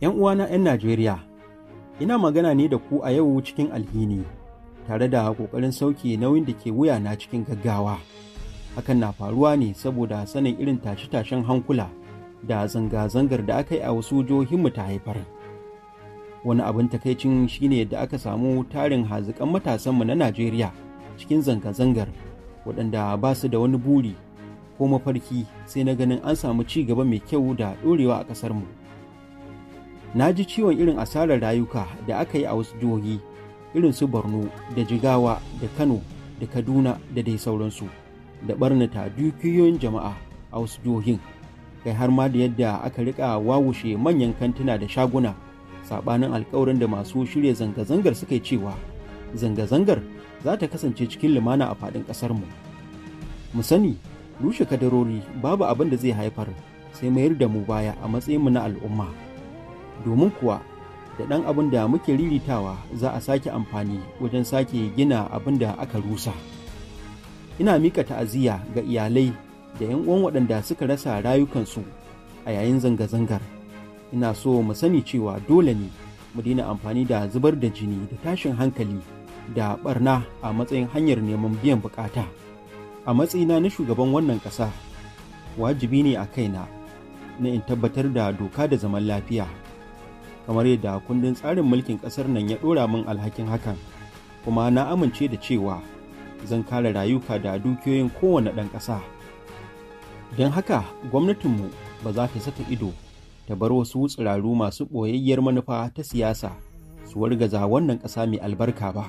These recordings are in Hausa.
‘Yan uwana ‘yan Najeriya, ina magana ne da ku a yau cikin alhini, tare da ƙoƙarin sauke nauyin da ke wuyana cikin gaggawa. Hakan na faruwa ne saboda sanin irin tashe-tashen hankula da zanga-zangar da aka yi a wasu mu ta haifar. Wani abin takaicin shine da aka samu tarin haziƙan matasanmu na Najeriya cikin zanga-zangar waɗanda ba su da wani buri ko mafarki sai na ganin an samu ci gaba mai kyau da ɗorewa a ƙasarmu. mu. na ji ciwon irin asarar rayuka da aka yi a wasu jihohi irin su borno da jigawa da kano da kaduna da dai sauransu da barnata dukiyoyin jama'a a wasu jihohin kai har ma da yadda aka rika wawushe manyan kantuna da shaguna sabanin alkawarin da masu shirya zanga-zangar suka yi cewa zanga-zangar za ta kasance cikin lumana a faɗin ƙasarmu mu sani rushe kadarori babu abin da zai haifar sai mayar da mu baya a matsayinmu na al'umma domin kuwa da ɗan abin da muke riritawa za a sake amfani wajen sake gina abin da aka rusa ina mika ta'aziyya ga iyalai da 'yan uwan waɗanda suka rasa rayukansu a yayin zanga-zangar ina so mu sani cewa dole ne mu daina amfani da zubar da jini da tashin hankali da barna a matsayin hanyar neman biyan bukata a matsayina na shugaban wannan ƙasa wajibi ne a kaina na in tabbatar da doka da zaman lafiya kamar yadda kundin tsarin mulkin ƙasar nan ya ɗora min alhakin hakan kuma na amince da cewa zan kare rayuka da dukiyoyin kowane ɗan ƙasa don haka gwamnatinmu ba za ta saka ido ta bar wasu tsiraru masu ɓoyayyar manufa ta siyasa su wargaza wannan ƙasa mai albarka ba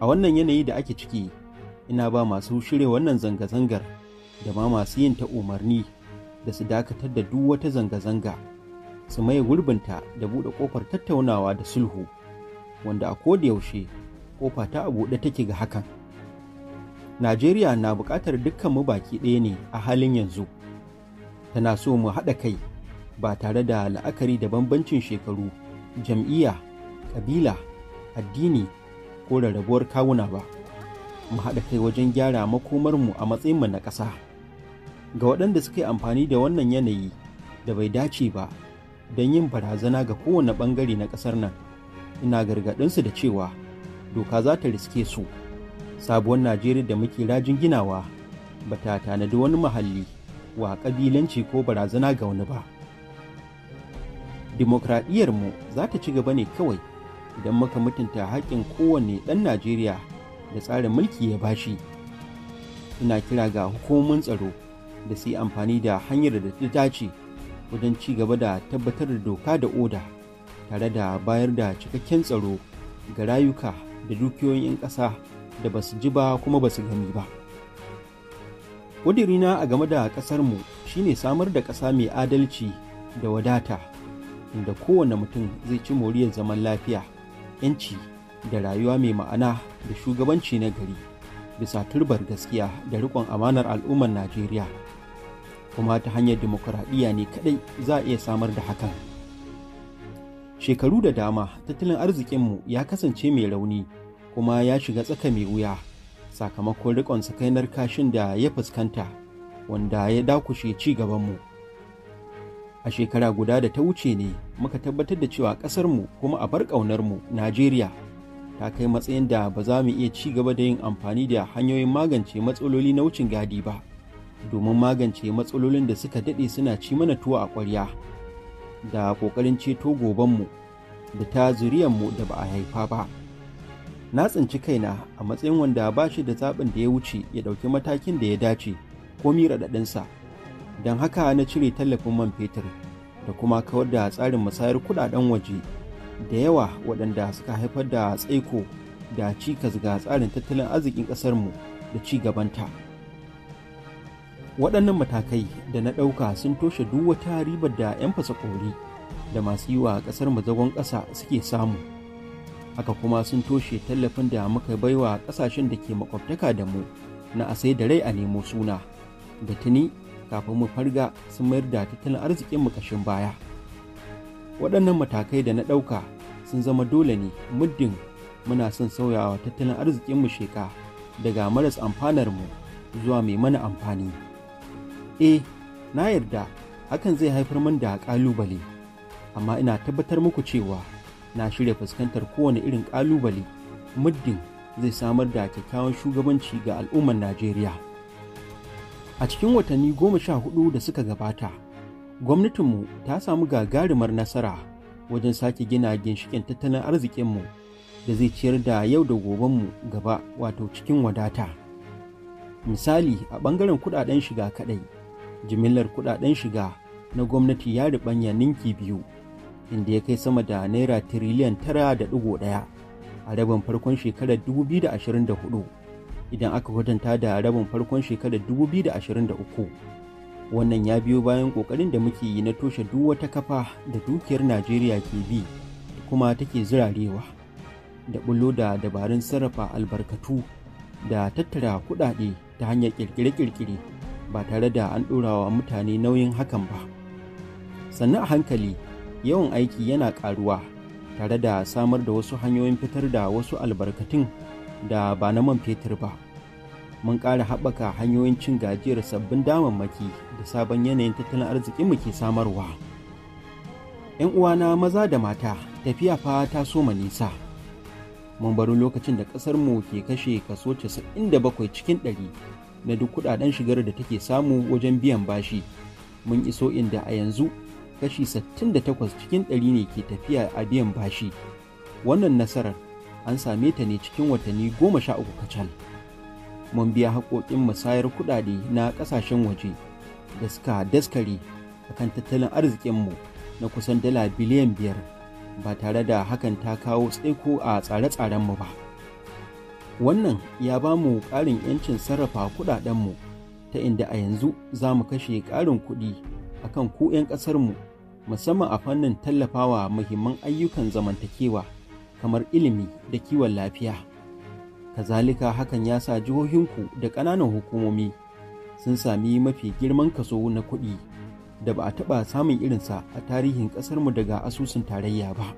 a wannan yanayi da ake ciki ina ba masu shirya wannan zanga-zangar da ma masu yin ta umarni da su dakatar da duk wata zanga-zanga su maye gurbinta da buɗe ƙofar tattaunawa da sulhu wanda a yaushe ƙofa ta buɗe take ga hakan najeriya na buƙatar dukkan mu baki ɗaya ne a halin yanzu tana so mu haɗa kai ba tare da la'akari da bambancin shekaru jam'iyya ƙabila addini ko rarrabuwar kawuna ba mu haɗa kai wajen gyara makomarmu a matsayinmu na ƙasa ga waɗanda suka yi amfani da wannan yanayi da bai dace ba don yin barazana ga kowane ɓangare na ƙasar nan ina gargaɗinsu da cewa doka za ta riske su sabuwar najeriya da muke rajin ginawa ba ta tanadi wani mahalli wa ƙabilanci ko barazana ga wani ba mu za ta ci gaba ne kawai idan muka mutunta haƙƙin kowane ɗan najeriya da tsarin mulki ya bashi ina kira ga hukumomin tsaro da su yi amfani da hanyar da ta dace wajen ci gaba da tabbatar da doka da oda tare da bayar da cikakken tsaro ga rayuka da dukiyoyin 'yan ƙasa da ba su ji ba kuma ba su gani ba. Ƙudirina a game da ƙasarmu shine samar da ƙasa mai adalci da wadata inda kowane mutum zai ci moriyar zaman lafiya, 'yanci da rayuwa mai ma'ana da shugabanci na gari bisa turbar gaskiya da riƙon amanar al'ummar Najeriya. kuma ta hanyar demokuraɗiyya ne kaɗai za a iya samar da hakan shekaru da dama tattalin arzikinmu ya kasance mai rauni kuma ya shiga tsaka mai wuya sakamakon riƙon sakainar kashin da ya fuskanta wanda ya dakushe ci gabanmu a shekara guda da ta wuce ne muka tabbatar da cewa ƙasarmu kuma a bar ƙaunarmu najeriya ta kai matsayin da ba za mu iya ci gaba da yin amfani da hanyoyin magance matsaloli na wucin gadi ba domin magance matsalolin da suka daɗe suna ci mana tuwo a kwarya, da ƙoƙarin ceto gobanmu da ta zuriyanmu da ba a haifa ba na tsinci kaina a matsayin wanda ba shi da zaɓin da ya wuce ya ɗauki matakin da ya dace komi raɗaɗinsa don haka na cire tallafin man fetur da kuma kawar da tsarin musayar kuɗaɗen waje da yawa waɗanda suka haifar da tsaiko da cikas ga tsarin tattalin arzikin ƙasarmu da ci gabanta. waɗannan matakai da na ɗauka sun toshe duk wata ribar da 'yan fasakori da masu yi wa ƙasar mazagon ƙasa suke samu haka kuma sun toshe tallafin da muka baiwa ƙasashen da ke makwabtaka da mu na asai da rai a nemo suna da tuni kafin mu farga sun mayar da tattalin arzikin mu kashin baya waɗannan matakai da na ɗauka sun zama dole ne muddin muna son sauyawa tattalin arzikin mu sheka daga maras amfanar mu zuwa mai mana amfani. E, na yarda hakan zai haifar min da ƙalubale amma ina tabbatar muku cewa na shirya fuskantar kowane irin ƙalubale muddin zai samar da kyakkyawan shugabanci ga al'ummar najeriya a cikin watanni goma sha hudu da suka gabata gwamnatinmu ta samu gagarumar nasara wajen sake gina ginshikin tattalin arzikinmu da zai ciyar da yau da gobenmu gaba wato cikin wadata misali a ɓangaren kuɗaɗen shiga kaɗai jimillar kudaden shiga na gwamnati ya ribanya ninki biyu inda ya kai sama da naira tiriliyan tara da ɗigo ɗaya a rabin farkon shekarar 2024 idan aka kwatanta da rabin farkon shekarar 2023 wannan ya biyo bayan ƙoƙarin da muke yi na toshe duk wata kafa da dukiyar najeriya ke bi kuma take zirarewa da bullo da dabarun sarrafa albarkatu da tattara kuɗaɗe ta hanyar ƙirƙire kirkire ba tare da an ɗorawa mutane nauyin hakan ba sannan a hankali yawan aiki yana ƙaruwa tare da samar da wasu hanyoyin fitar da wasu albarkatun da ba na man fetur ba mun ƙara haɓaka hanyoyin cin gajiyar sabbin damammaki da sabon yanayin tattalin arziki muke samarwa 'yan uwana maza da mata tafiya fa ta soma nisa mun baro lokacin da ƙasarmu ke kashe kaso 97 cikin ɗari. na duk kudaden shigar da take samu wajen biyan bashi mun iso inda a yanzu kashi 68 cikin ɗari ne ke tafiya a biyan bashi wannan nasarar an same ta ne cikin watanni goma sha uku kacal mun biya haƙoƙin musayar kuɗaɗe na ƙasashen waje da suka daskare a kan tattalin arzikinmu na kusan dala biliyan biyar ba tare da hakan ta kawo tsaiko a tsare-tsarenmu ba. Wannan ya ba mu ƙarin 'yancin sarrafa kuɗaɗenmu ta inda a yanzu za mu kashe ƙarin kuɗi a kan ku 'yan ƙasarmu musamman a fannin tallafawa muhimman ayyukan zamantakewa kamar ilimi da kiwon lafiya. Kazalika hakan ya sa jihohinku da ƙananan hukumomi sun sami mafi girman kaso na kuɗi da ba a taɓa samun irinsa a tarihin ƙasarmu daga asusun tarayya ba.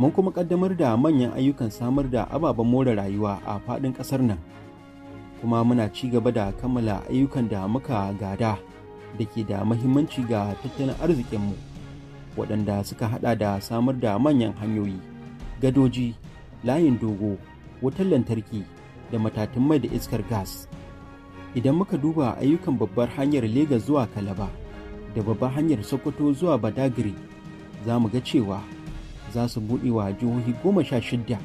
mun kuma kaddamar da manyan ayyukan samar da ababen more rayuwa a faɗin ƙasar nan kuma muna ci gaba da kammala ayyukan da muka gada da ke da mahimmanci ga tattalin arzikinmu waɗanda suka hada da samar da manyan hanyoyi gadoji layin dogo wutar lantarki da matatun mai da iskar gas idan muka duba ayyukan babbar hanyar Legas zuwa Kalaba da babbar hanyar Sokoto zuwa Badagry za mu ga cewa za su buɗe wa jihohi goma sha shidda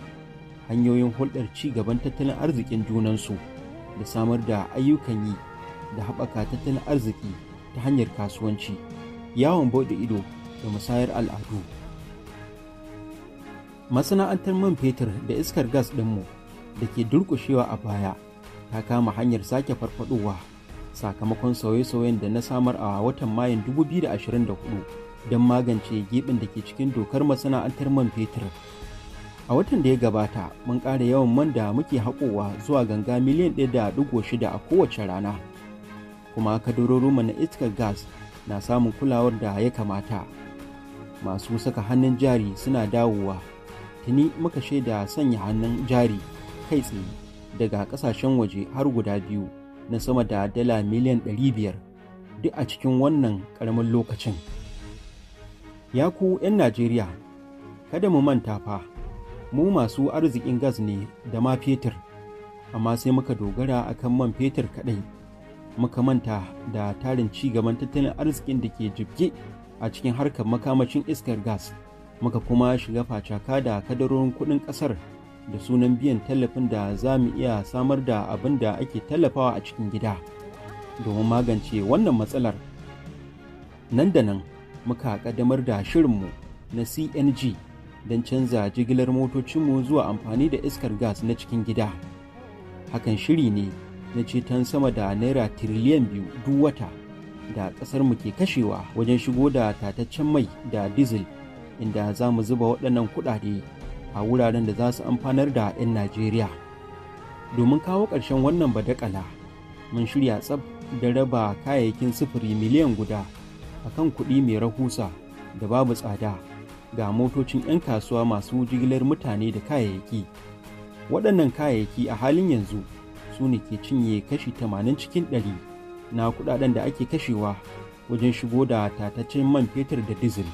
hanyoyin hulɗar ci gaban tattalin arzikin junansu da samar da ayyukan yi da haɓaka tattalin arziki ta hanyar kasuwanci yawon bauɗe ido da musayar al'adu masana'antar man fetur da iskar gas ɗinmu da ke durƙushewa a baya ta kama hanyar sake farfaɗowa sakamakon sauye-sauyen da na samar a watan mayun 2024 don magance gibin da ke cikin dokar masana'antar man fetur. A watan da ya gabata, mun ƙara yawan man da muke haƙowa zuwa ganga miliyan ɗaya da shida a kowace rana. Kuma mu na iskar gas na samun kulawar da ya kamata. Masu saka hannun jari suna dawowa. Tuni muka shaida sanya hannun jari kai tsaye daga ƙasashen waje har guda biyu na sama da dala miliyan 500 duk a cikin wannan ƙaramin lokacin. Ya ku 'yan Najeriya, kada mu manta fa, mu masu arzikin gas ne da ma fetur, amma sai muka dogara a kan man fetur kaɗai. Muka manta da tarin ci gaban tattalin arzikin da ke jibge a cikin harkar makamacin iskar gas, muka kuma shiga facaka da kadarorin kuɗin ƙasar da sunan biyan tallafin da za mu iya samar da abin da ake tallafawa a cikin gida. Domin magance wannan matsalar, nan da nan. muka ƙaddamar da shirinmu na CNG don canza jigilar motocinmu zuwa amfani da iskar gas na cikin gida. Hakan shiri ne na ceton sama da naira tiriliyan biyu duk wata da ƙasarmu ke kashewa wajen shigo da tataccen mai da dizil inda za mu zuba waɗannan kuɗaɗe a wuraren da za su amfanar da 'yan Najeriya. Domin kawo ƙarshen wannan badakala, mun shirya tsab da raba kayayyakin sufuri miliyan guda a kan kuɗi mai rahusa da babu tsada ga motocin 'yan kasuwa masu jigilar mutane da kayayyaki waɗannan kayayyaki a halin yanzu su ne ke cinye kashi tamanin cikin ɗari na kuɗaɗen da ake kashewa wajen shigo da tataccen man fetur da dizil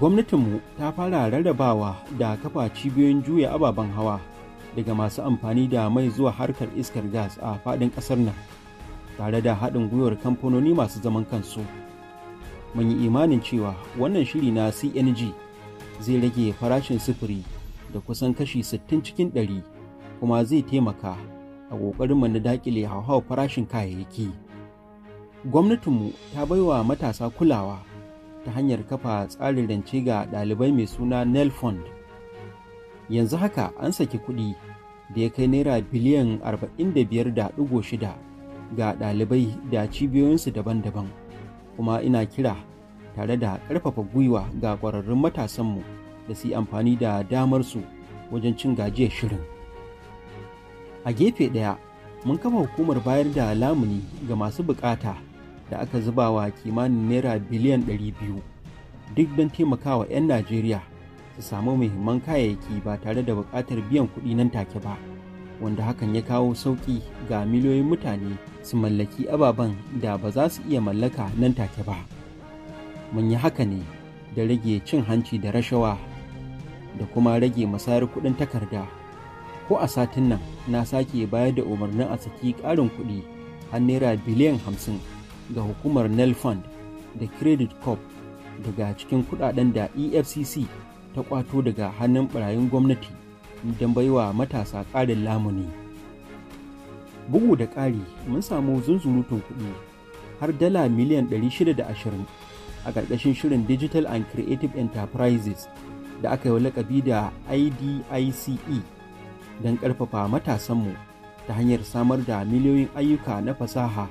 gwamnatinmu ta fara rarrabawa da kafa cibiyoyin juya ababen hawa daga masu amfani da mai zuwa harkar iskar gas a faɗin ƙasar nan tare da haɗin gwiwar kamfanoni masu zaman kansu. mun yi imanin cewa wannan shiri na CNG zai rage farashin sufuri da kusan kashi 60 cikin 100 kuma zai taimaka a mu na dakile hauhawar farashin kayayyaki. Gwamnatinmu ta baiwa matasa kulawa ta hanyar kafa tsarin rance ga ɗalibai mai suna Nel Fund. Yanzu haka an saki kuɗi da ya kai naira biliyan 45.6 ga ɗalibai da cibiyoyinsu daban-daban. kuma ina kira tare da ƙarfafa gwiwa ga ƙwararrun matasanmu da su yi amfani da damar su wajen cin gajiyar shirin a gefe ɗaya mun kafa hukumar bayar da lamuni ga masu bukata da aka zuba wa kimanin naira biliyan biyu duk don taimakawa 'yan najeriya su samu muhimman kayayyaki ba tare da buƙatar biyan kuɗi nan take ba. wanda hakan ya kawo sauƙi ga miliyoyin mutane su mallaki ababen da ba za su iya mallaka nan take ba mun yi haka ne da rage cin hanci da rashawa da kuma rage masayar kuɗin takarda ko a satin nan na sake bayar da umarnin a saki ƙarin kuɗi har naira biliyan hamsin ga hukumar nel fund da credit corp daga cikin kuɗaɗen da efcc ta kwato daga hannun ɓarayin gwamnati don baiwa matasa ƙarin lamuni bugu da ƙari mun samu zunzurutun kuɗi har dala miliyan 620 a ƙarƙashin shirin digital and creative enterprises da aka yi lakabi da idice don ƙarfafa matasanmu ta hanyar samar da miliyoyin ayyuka na fasaha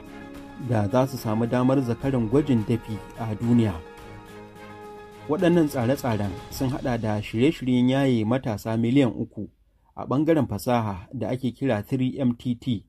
da za su samu damar zakaran gwajin dafi a duniya. waɗannan tsare-tsaren sun haɗa da shirye-shiryen yaye matasa miliyan uku a ɓangaren fasaha da ake kira 3mtt